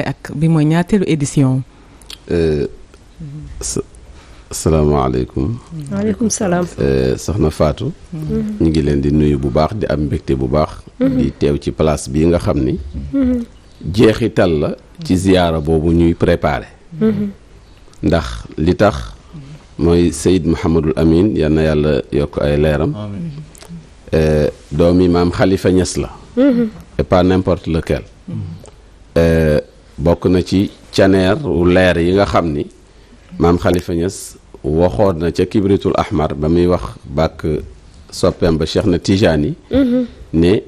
ak bi mooy ñaateelu édition. Euh, salaamaaleykum. waaleykum salaam. Euh, soxna faatu mm-hmm. ñu ngi leen di nuyu bu baax di am mbégte bu baax. Mm-hmm. di teew ci place bii nga xam ni. Mm-hmm. jeexital la ci ziyaara boobu ñuy préparer. ndax li tax mooy Seyyid Mouhamadul Amin yal na yàlla yokk ay leeram. Euh, doomi maam xalifa ñas la. et pas n'importe lequel. bokk na ci caneer wu leer yi nga xam ni maam Khalifa Niass waxoon na ca kibritul ahmar ba muy wax bàkk soppeem ba Cheikh na Tijaani mm-hmm. ne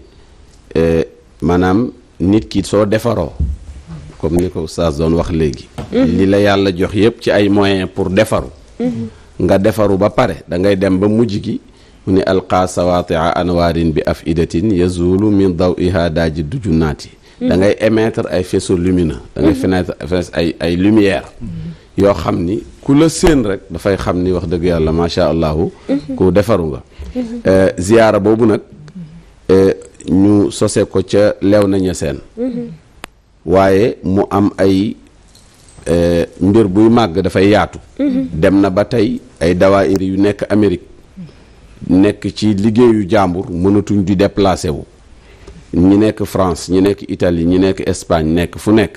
eh, maanaam nit ki soo defaroo comme ni ko oustaz doon wax léegi mm-hmm. li la yàlla jox yëpp ci ay moyen pour defaru mm-hmm. nga defaru ba pare da ngay dem ba mujj gi mu ne alqaa sawaatia anwaarin bi af idatin yazulu min daw iha daaji dujunaati da ngay émettre ay faisceaux lumineux da ngay fenêtre ay ay lumière yoo xam ni ku la séen rek dafay xam ni wax dëgg yàlla macha allahu ku defaru nga mhm. euh, ziyaara boobu nag euh, ñu sose ko ca leew nañu seen mhm. waaye mu am ay euh, mbir buy màgg dafay yaatu mhm. dem na ba tey ay dawaayir yu nekk Amérique nekk ci liggéeyu jàmbur mënatuñ di déplacé wu ñi nekk France ñi nekk Italie ñi nekk Espagne nekk fu nekk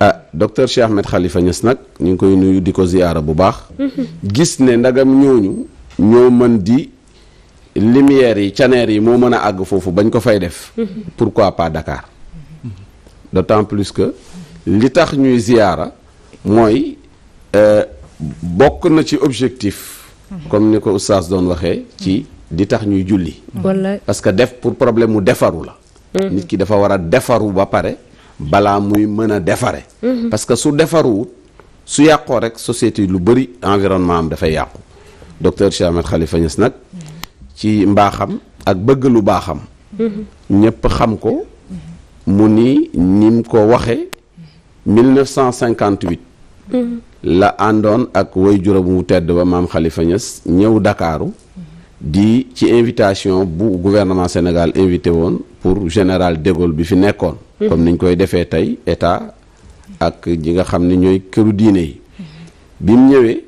ah docteur Cheikh Ahmed Khalifa Niass nag ñu ngi koy nuyu di ko ziyaara bu baax mhm. gis ne ndagam ñooñu ñoo mën di lumière yi caneer yi moo mën a àgg foofu bañ ko fay def mhm. pourquoi pas Dakar d'autant plus que li tax ñuy ziyaara mooy euh, bokk na ci objectif mhm. comme ni ko oustaz doon waxee ci di tax ñuy julli parce que def pour problème mu defaru la mm-hmm. nit ki dafa war a defaru ba pare balaa muy mën a defare mm-hmm. parce que su defaruwut su yàqoo rek société lu bëri environnement am dafay yàqu docteur Cheikh Ahmed Khalifa Niass nag ci mbaaxam ak bëgg lu baaxam mm-hmm. ñëpp xam ko mu ni nim ko waxe 1958 la àndoon ak way juróom wu tedd maam Khalifa Niass ñëw Ndakaaru di ci invitation bu gouvernement Sénégal invité woon pour général de Gaulle bi fi nekkoon. Mhm. comme niñ koy defee tey état ak ñi nga xam ne ñooy këru diine yi. Mhm. bi mu ñëwee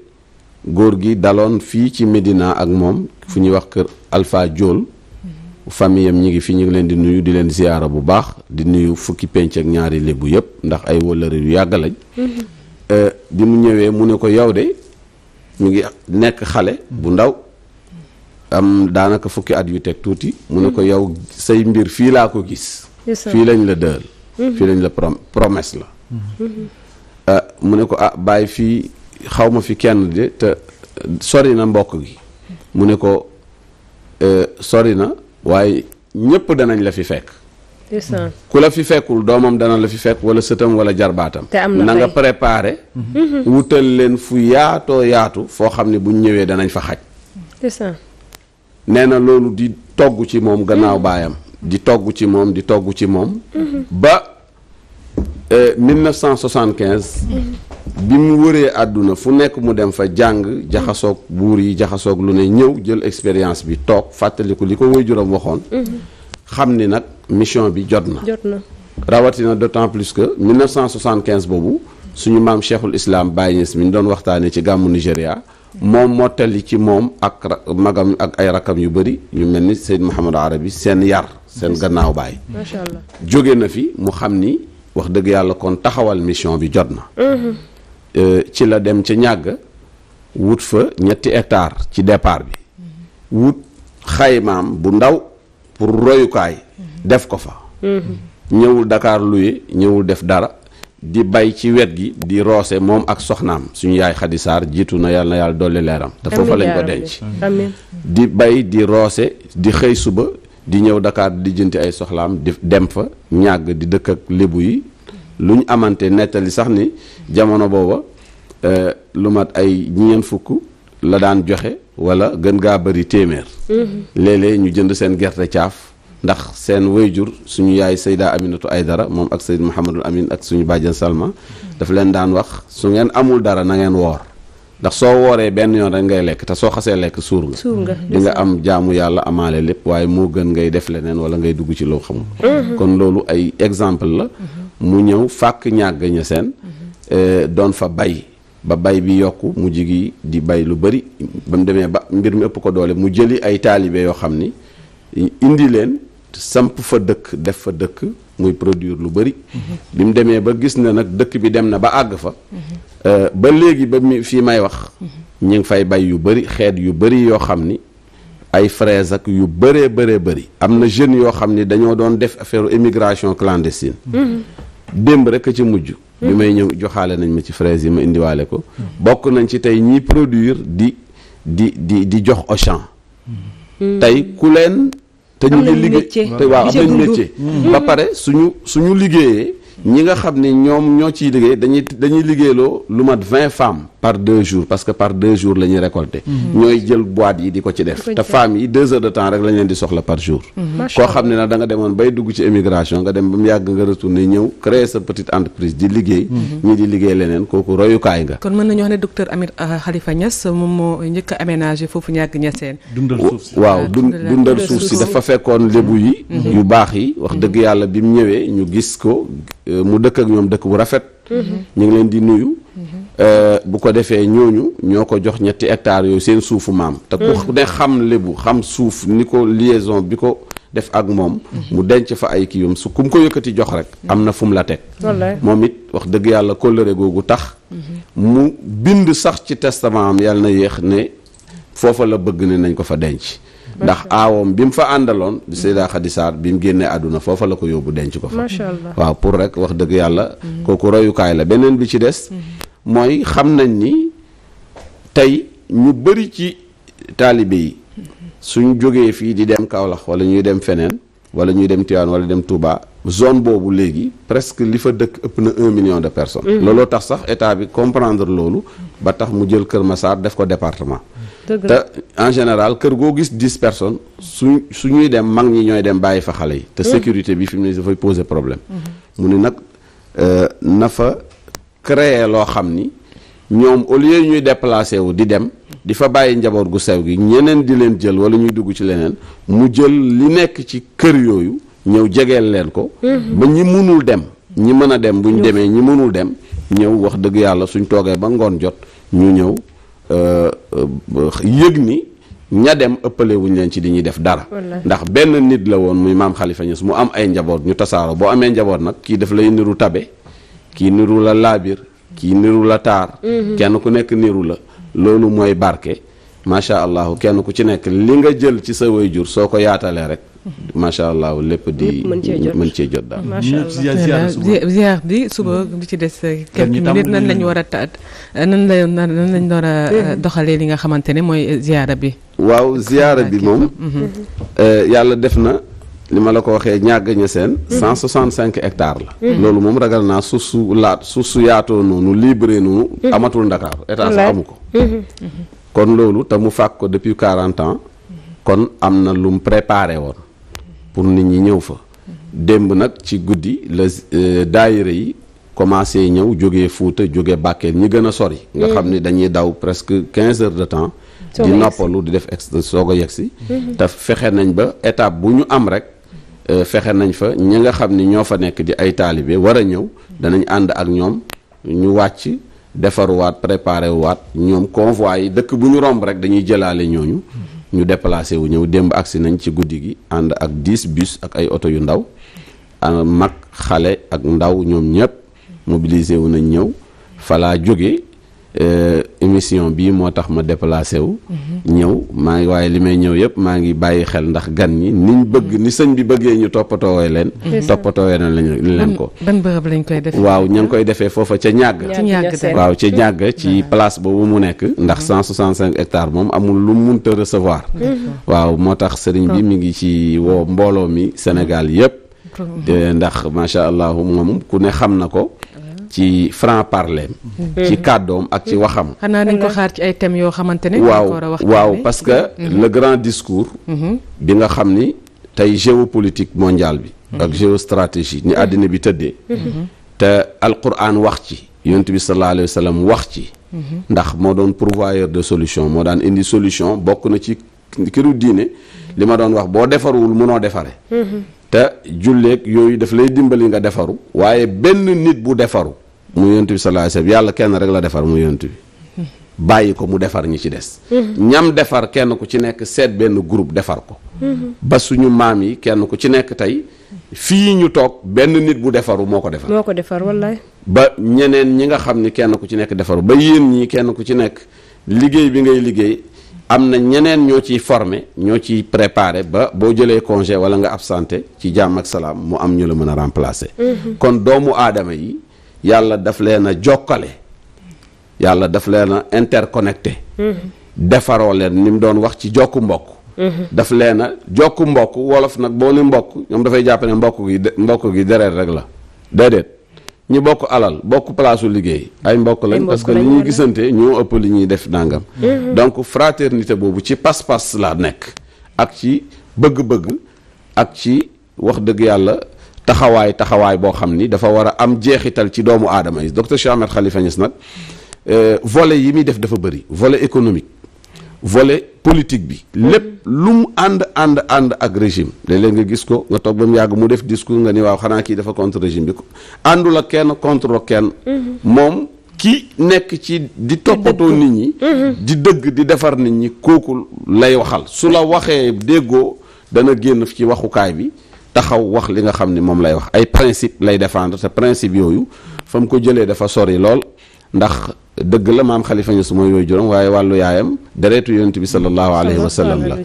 góor gi daloon fii ci Médina ak moom fu ñuy wax kër Alpha Diol. Mhm. famille am ñi ngi fi ñu ngi leen di nuyu di leen ziyaara bu baax di nuyu fukki penc ak ñaari lébu yëpp ndax ay wëllëre yu yàgg lañ. Euh, bi mu ñëwee mu ne ko yow de mu ngi nekk xale bu ndaw. am daanaka fukki at yu teg tuuti mu ne ko mhm. yow say mbir fii laa ko gis fii lañ la dël mhm. fii lañ la prom promesse la mhm. euh, mu ne ko ah bàyyi fii xaw ma fi kenn de te sori na mbokk gi mu ne ko euh, sori na waaye ñëpp danañ la fi fekk ku la fi fekkul doomam dana la fi fekk wala sëtam wala jarbaatam na nga préparé wutal leen fu yaatoo yaatu foo xam ne buñ ñëwee danañ fa xaj nee na loolu di togg ci moom gannaaw baayam di togg ci moom di togg ci moom ba 1975 eh, bi mu wëree àdduna fu nekk mu dem fa jàng jaxasoog buur yi jaxasoog lu ne ñëw jël expérience bi toog fàttaliku li ko waajuram waxoon xam ni nag mission bi jot na jot na rawatina d'autant plus que 1975 boobu suñu maam cheikhul islam Baye Niass mi doon waxtaanee ci gàmmu Nigéria moom moo tali ci moom ak magam ak ay rakam yu bëri yu mel ni Seyd Mouhamadou Arabi seen yar seen gannaaw baay macha allah jóge na fi mu xam ni wax dëgg yàlla kon taxawal mission bi jot na mm-hmm. euh, ci la dem ca ñàgg wut fa ñetti hectare ci départ bi mm-hmm. wut xaymaam bu ndaw pour royukaay mm-hmm. def ko fa ñëwul Dakar luye ñëwul def dara di bay ci wet gi di roose moom ak soxnaam suñu yaay Xadi Saar jiitu na yàlla yàlla dolli leeram te foofa lañ ko denc di bay di roose di xëy suba di ñëw ndakaar di ay soxlaam di dem fa ñàgg di dëkk ak lébu yi lu ñu amante nettali sax ni jamono booba eh, lu mat ay ñeent fukk la daan joxe wala gën gaa bari téeméer mm-hmm. léeg ñu jënd seen gerte caaf ndax seen wayjur suñu yaay Sayda Aminatu dara moom ak Sayd Mouhamadul Amin ak suñu bàjjan Salma daf leen daan wax su ngeen amul dara nangeen ngeen woor ndax soo wooree benn yoon rek ngay lekk te soo xasee lekk suur nga di nga am jaamu yàlla amaale lépp waaye moo gën ngay def leneen wala ngay dugg ci loo xamul mm-hmm. kon loolu ay exemple la mm-hmm. mu ñëw fàkk ñàgg ña seen mm-hmm. eh, doon fa bay ba bay bi yokk mu jigi di bay lu bëri ba mu demee ba mbir mi ëpp ko doole mu jëli ay taalibe yoo xam ni leen samp fa dëkk def fa dëkk muy produire lu bëri bi mu demee ba gis na nag dëkk bi dem na ba àgg fa euh, ba léegi ba mi fii may wax ñu ngi fay bay yu bëri xeet yu bëri yoo xam ni ay fraise ak yu bëree bëree bëri am na jeunes yoo xam ni dañoo doon def affaire immigration clandestine démb rek a ci mujj bi may ñëw joxaale nañ ma ci fraise yi ma indiwaale ko bokk nañ ci tey ñiy produire di di di di jox Auchan hmm. tey ku leen te ñu liggéey te waaw am nañ métier ba pare suñu suñu liggéeyee ñi nga xam ni ñoom ñoo ciy liggéey dañuy dañuy liggéeyloo lu mat vingt femmes par deux jours parce que par deux jours la ñuy mhm. ñooy jël boîte yi di ko ci def. te femmes yi deux heures de temps rek la leen di soxla par jour. Mhm. koo xam ne nag da nga demoon bay dugg ci émigration nga dem ba mu yàgg nga retourné ñëw créer sa petite entreprise di liggéey. Mhm. ñii di liggéey leneen kooku royukaay nga. kon mën nañu wax ne docteur Amir euh, Khalifa Niass moom moo njëkk a aménagé foofu ñàkk ñaseen. Ah, dundal suuf euh, ak ñoom dëkk bu rafet. ñu leen Euh, bu ko defee ñooñu ñoo ko jox ñetti hectares yooyu seen suufu maam te ku hmm. de xam lébu xam suuf ni ko lieson bi ko def ak moom hmm. mu denc fa ay kiyum su ku mu ko yëkkati jox rek hmm. am na fu la teg moom it wax dëgg yàlla kóllëre googu tax bind sax ci testament am yàlla na yéex ne foofa la bëgg ne nañ ko fa denc ndax aawoom bi mu fa àndaloon di Seyda Khady Sarr bi mu génnee àdduna foofa la ko yóbbu denc ko fa wax dëgg yàlla kooku royukaay la beneen bi ci des mooy xam nañ ni tey ñu bëri ci taalibe yi suñ jógee fii di dem Kaolack wala ñuy dem feneen wala ñuy dem Tivaouane wala dem Touba zone boobu léegi presque li fa dëkk ëpp na un million de personne mm. looloo tax sax état bi comprendre loolu. ba tax mu jël Kër Massar def ko département. te en général kër goo gis dix personne su suñuy dem mag ñi ñooy dem bàyyi fa xale yi. te mm. sécurité bi fi mu ne dafay poser problème. Mm-hmm. mu ne nag euh, na créer loo xam ni ñoom au lieu ñuy déplacé wu di dem di fa bàyyi njaboot gu sew gi ñeneen di leen jël wala ñuy dugg ci leneen mu jël li nekk ci kër yooyu ñëw jegeel leen ko mhm. ba ñi mënul dem ñi mën a dem bu ñu demee ñi mënul dem ñëw wax dëgg yàlla suñ toogee ba ngoon jot ñu ñëw euh, yëg ni ña dem ëppale wuñ leen ci di ñuy def dara ndax benn nit la woon muy maam xalifa Khalifa su mu am ay njaboot ñu tasaaroo boo amee njaboot nag kii daf lay niru tabe kii niru la laabir kii niru la taar mhm. kenn ku nekk niru la loolu mooy barke macha allah kenn ku ci nekk li nga jël ci sa waajur soo ko yaatalee rek macha allah lépp di mën cee jot daal ziar bi suba mm. bi ci des minutes nan lañ war a taat nan la nan lañ war a mm. euh, doxalee li nga xamante ne mooy ziara bi waaw ziara bi moom mm-hmm. euh, yàlla def na li ma la ko waxee ñàgg ña seen. 165 mhm. hectares la. Mhm. loolu moom ragal naa suuf su laat suuf su yaatoo noonu libre noonu. Mhm. amatul Ndakaar état amu ko. kon loolu te mu fàkk ko depuis quarante ans. kon am na lu mu préparé woon. pour nit ñi ñëw fa. démb nag ci guddi la euh, daayira yi commencé ñëw jógee Fuuta jógee Bakel ñi gën a sori. nga xam ni dañuy daw presque quinze heures de temps. di noppalu di def ex soog a yegsi. te fexe nañ ba étape bu ñu am rek. Euh, fexe nañ fa ñi nga xam ni ñoo fa nekk di ay taalibe war a ñëw danañ ànd ak ñoom ñu wàcc defaruwaat préparé waat ñoom convoi yi dëkk bu ñu romb rek dañuy jëlaale ñooñu ñu déplacé wu ñëw démb agsi nañ ci guddi gi ànd ak diis bus ak ay oto yu ndaw a euh, mag xale ak ndaw ñoom ñëpp mobilisé wu nañ ñëw falaa jóge Euh, émission bi moo tax ma déplacé wu. Mhm. ñëw maa ngi waaye li may ñëw yëpp maa ngi bàyyi xel ndax gan ñi niñ bëgg mhm. ni sëñ bi bëggee ñu toppatoo toppatoowee leen. toppatoowee na lañ leen ko. ban bërëb koy defee. waaw ña ngi koy defee foofa ca ñàgg. waaw ca ñàgg ci place boobu mu nekk. ndax 165 mhm. hectares moom amul lu mu mënta recevoir. waaw moo tax sëriñ bi mu ngi ci woo mbooloo mi Sénégal yëpp. ndax macha allah moom ku ne xam na ko. ci franc parler ci hmm. kàddoom ak ci waxam. xanaa nañ ko xaar ci ay thèmes yoo xamante ne. waaw waaw parce que hmm. le grand discours. Hmm. bi nga xam ni tey politique mondial bi. ak géostratégie ni àddina bi tëddee. te Alquran wax ci. yonent bi sallallahu alayhi wa wax ci. ndax moo doon pourvoyeur de solution moo daan indi solution bokk na ci këru diine li ma doon wax boo defaruwul mënoo defare te julleeg yooyu daf lay dimbali nga defaru waaye benn nit bu defaru mu yonent bi sallallahu alayhi wasallam yàlla kenn rek la defar mu yonent bi bàyyi ko mu defar ñi ci des ñam defar kenn ku ci nekk seet benn group defar ko ba suñu maam yi kenn ku ci nekk tey fii ñu toog benn nit bu defaru moo ko defar moo ko defar wallaay ba ñeneen ñi nga xam ni kenn ku ci nekk defaru ba yéen ñi kenn ku ci nekk liggéey bi ngay liggéey am na ñeneen ñoo ciy formé ñoo ciy préparé ba boo jëlee congé wala nga absenté ci jàmm ak salaam mu am ñu la mën a remplacer mhm. kon doomu aadama yi yàlla daf leen a jokkale yàlla daf leen a interconnecté defaroo leen ni mu doon wax ci jokk mbokk daf leen a jokku mbokk wolof nag boo ni mbokk ñoom dafay jàpp mbokk gi mbokk gi deret rek la déedéet ñi bokk alal bokk palaasu liggéey ay mbokk lañ parce que li ñuy gisante ñoo ëpp li ñuy def ndàngam mm-hmm. donc fraternité boobu ci pas-pas la nekk ak ci bëgg-bëgg ak ci wax dëgg yàlla taxawaay taxawaay boo xam ni dafa war a am jeexital ci doomu aadama yi docteur Cheikh Ahmed Khalifa Niass nag euh, vole yi muy def dafa bëri vole économique vole politique bi lépp lu mu ànd ànd ànd ak régime léeg-léeg nga gis ko nga toog ba mu yàgg mu def discours nga ni waaw xanaa kii dafa contre régime bi àndul a kenn contre kenn mhm. moom ki nekk ci di toppatoo nit ñi mhm. di dëgg di defar nit ñi kooku lay waxal su la waxee déggoo dana génn ci waxukaay bi taxaw wax li nga xam ni moom lay wax ay principe lay défendre te principe yooyu fa mu ko jëlee dafa sori lool ndax dëgg la maam Khalifa Niass mooy yooyu juróom waaye wàllu yaayam deretu yonent bi sallallahu alayhi wa sallam la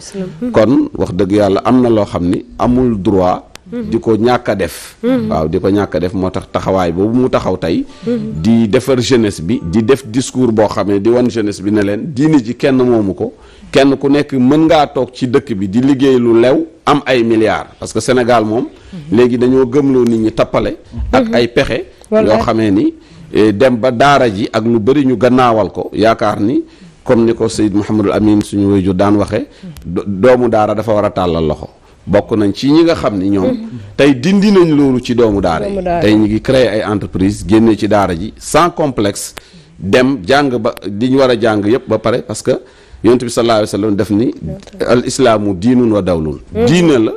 kon wax dëgg yàlla am na loo xam ni amul droit mhm. di ko ñàkk a def mhm. waaw di ko ñàkk def moo tax taxawaay boobu mu taxaw tey mhm. di defar jeunesse bi di def discours boo xam ne di wan jeunesse bi ne leen diine ji kenn moomu ko kenn ku nekk mën ngaa toog ci dëkk bi di liggéey lu lew am ay milliards parce que Sénégal moom léegi dañoo gëmloo nit ñi tappale ak mhm. ay pexe yoo xamee ni eh, dem ba daara ji ak lu bëri ñu gannaawal ko yaakaar ni comme ni ko Seyd Mouhamadul Amin suñu wayjur daan waxee doomu daara dafa war a tàllal loxo bokk nañ ci ñi nga xam ni ñoom mhm. tey dindi nañ loolu ci doomu daara yi tey ñu ngi créer ay entreprise génne ci daara ji sans complexe dem jàng ba li war a jàng yépp yonent bi sallallahu alayhi wa def ni al islaamu diinun wa dawlun diine la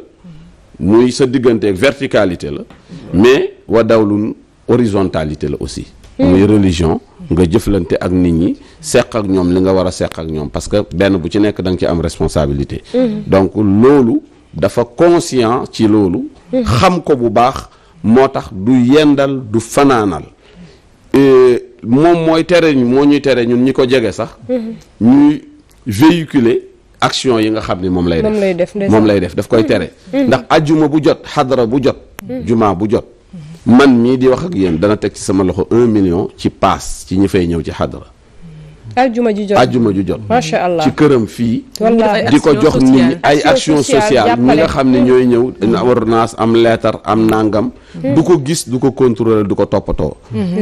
muy sa diggante ak verticalité la mais wa dawlun horizontalité la aussi muy religion nga jëflante ak nit ñi seq ak ñoom li nga war a seq ak ñoom parce que benn bu ci nekk danga nga ci am responsabilité donc loolu dafa conscient ci loolu xam ko bu baax moo tax du yendal du fanaanal moom mooy tere moo ñuy tere ñun ñi ko jege sax mm-hmm. véhiculer action yi nga xam ni moom lay def moom lay def daf koy hmm. tere hmm. ndax ajjuma bu jot xadara bu jot hmm. juma bu jot man mii di wax ak yéen dana teg ci sama loxo un million ci paas ci ñu fay ñëw ci xadara ajjuma ju jot ajjuma ju jot macha allah ci këram fii di ko jox nit ñi ay action sociale ñi nga xam ne ñooy ñëw ordonnance am leetar am nàngam du ko gis du ko contrôler du ko toppatoo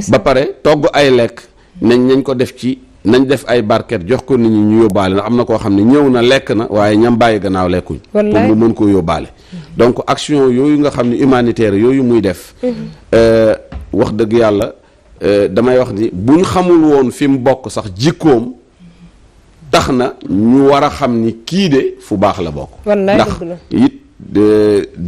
ba pare togg ay lekk nañ nañ ko def ci nañ def ay barquette jox ko nit ñi ñu yóbbaale na am na koo xam ne ñëw na lekk na waaye ñam bàyyi gannaaw lekkuñ pour mu mën koo yóbbaale donc action yooyu nga xam ne humanitaire yooyu muy def mhm. euh, wax dëgg yàlla euh, damay wax ni buñ xamul woon fi mu bokk sax jikkoom tax na ñu war a xam ni kii de fu baax la bokk ndax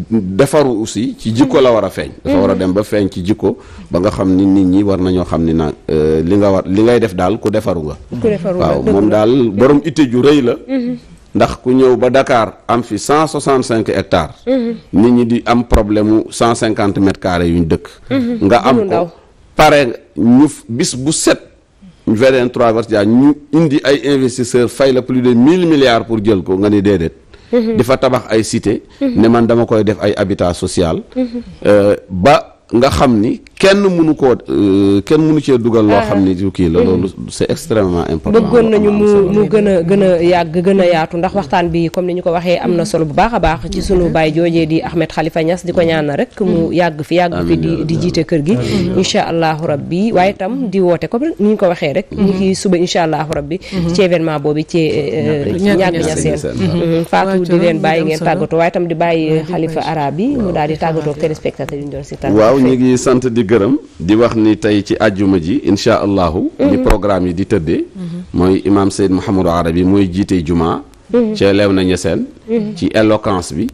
defaru aussi ci jikko la war a feeñ dafa war a dem ba feeñ ci jikko ba nga xam ni nit ñi war nañoo xam ni na euh, li nga war li ngay def daal ku defaru nga waaw moom daal borom itte ju rëy la mhm. ndax ku ñëw ba dakaar am fi cent soixante cinq hectares mhm. nit ñi di am problème mu cent cinquante mètres carrés yu ñu dëkk mhm. nga am ko pare ñu bis bu set VDN Traverse Dia ñu indi ay investisseurs fay la plus de mille milliards pour jël ko nga ni déedéet dafa tabax ay cité mhm. ne man dama koy def ay habitat social mhm. euh, ba nga xam ni kenn mënu koo euh, kenn mënu cee dugal. loo ah. xam ni kii la loolu mm. c'est extrêmement important. bëggoon gën a gën a yàgg gën a yaatu ndax waxtaan bi comme ni ñu ko waxee am na solo bu baax a baax ci sunu mm-hmm. baay joojee di Ahmed Khalifa Niass di ko mm-hmm. ñaanal rek mu mm-hmm. yàgg fi yàgg fi di di jiite kër gi. incha allahu rabbi waaye tam di woote comme ni ñu ko waxee rek. ñu ngi suba incha allahu rabbi. ci événement boobu ci ñàgg euh, euh, ñaseen Fatou di leen bàyyi ngeen tàggatoo waaye itam di bàyyi Khalifa Arabi mu daal di tàggatoo ak téléspectateurs yi ñu doon si tàggatoo. gërëm di wax ni tey ci àjjuma ji incha allahu ni mm-hmm. programme yi di tëddee mm-hmm. mooy imam Seyd Mouhamadou Arabi mooy jiite jumaa mm-hmm. ci na ñeseen ci éloquence bi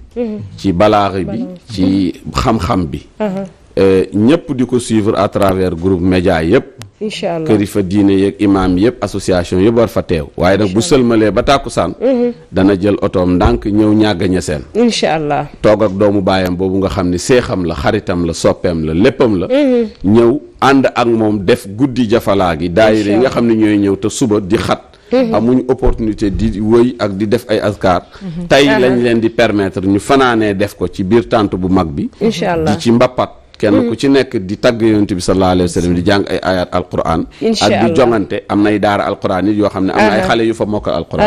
ci balaax bi ci xam-xam bi uh-huh. eh, ñëpp di ko suivre à travers groupe média yëpp incha allah fa diine yeeg imaam yëpp association yëpp war fa teew. waaye nag bu sëlmalee ba tàkkusaan mhm. dana jël otoom ndànk ñëw ñàgg seen incha allah toog ak doomu baayam boobu nga xam ne seexam la xaritam la soppeem la léppam la. Mhm. ñëw ànd ak moom def guddi jafalaa gi. daayira yi nga xam ne ñooy ñëw te suba di xat. Mhm. amuñu opportunité di wëy ak di def ay askar tey lañ leen di permettre ñu fanaanee def ko ci biir tànt bu mag bi. incha allah di ci mbappat. Mm. wa sallam di jàng ay ayat alquran yoo xam ne am na ay xale yu fa mokkal koy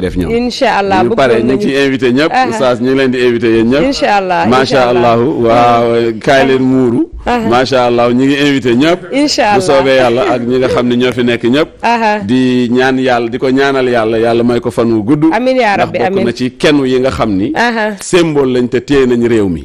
def ñoom incha allah ñu pare ñu ngi ciy invité ñëpp leen di invité yéen ñëpp incha allah macha allah waaw kaay leen muuru macha allah ñu ngi invité ñëpp incha allah bu soobee yàlla ak ñi nga xam ne ñoo fi nekk ñëpp di ñaan yàlla di ko ñaanal yàlla yàlla may ko fan wu gudd amiin yaa rabbi amiin ndax bokk kenn yi nga xam ni symbole lañ te téye nañ réew mi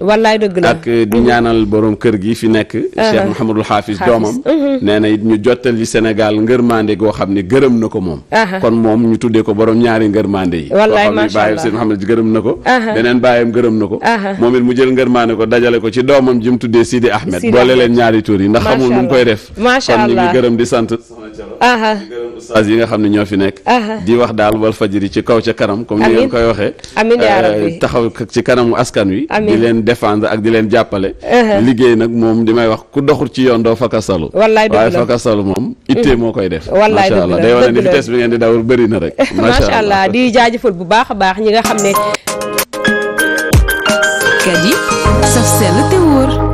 ak ñaan ñaanal borom kër gi fi nekk Cheikh Mouhamadul Hafiz doomam nee na it ñu jottali Sénégal ngërmande goo xam ne gërëm na ko moom kon moom ñu tuddee ko borom ñaari ngërmande yi wallaay macha allah bàyyam Sëñ Mouhamad gërëm na ko beneen bàyyam gërëm na ko moom it mu jël ngërmande ko dajale ko ci doomam ji mu tuddee Sidi Ahmed boole leen ñaari tur yi ndax xamul nu mu koy def kon ñu ngi gërëm di sant Diallo di yi nga xam ne ñoo fi nekk di wax daal wal fajiri ci kaw ca kanam comme ni ngeen koy waxe amiin yaa euh, rabbi taxaw ci kanamu askan wi di leen défendre ak di leen jàppale liggéey nag moom di may wax ku doxul ci yoon doo fakasalu wallaay dëgg la waaye fakasalu moom ittee mm. moo koy def wallaay dëgg la day wane ni vitesse bi ngeen di dawal bëri na rek macha allah di jaajëfal bu baax a baax ñi nga xam ne kat yi saf sell te wóor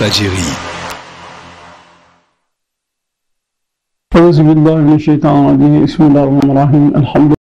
Walfadjri auzu billahi mina sheytaani rajiim bismillahi rahmaani rahiim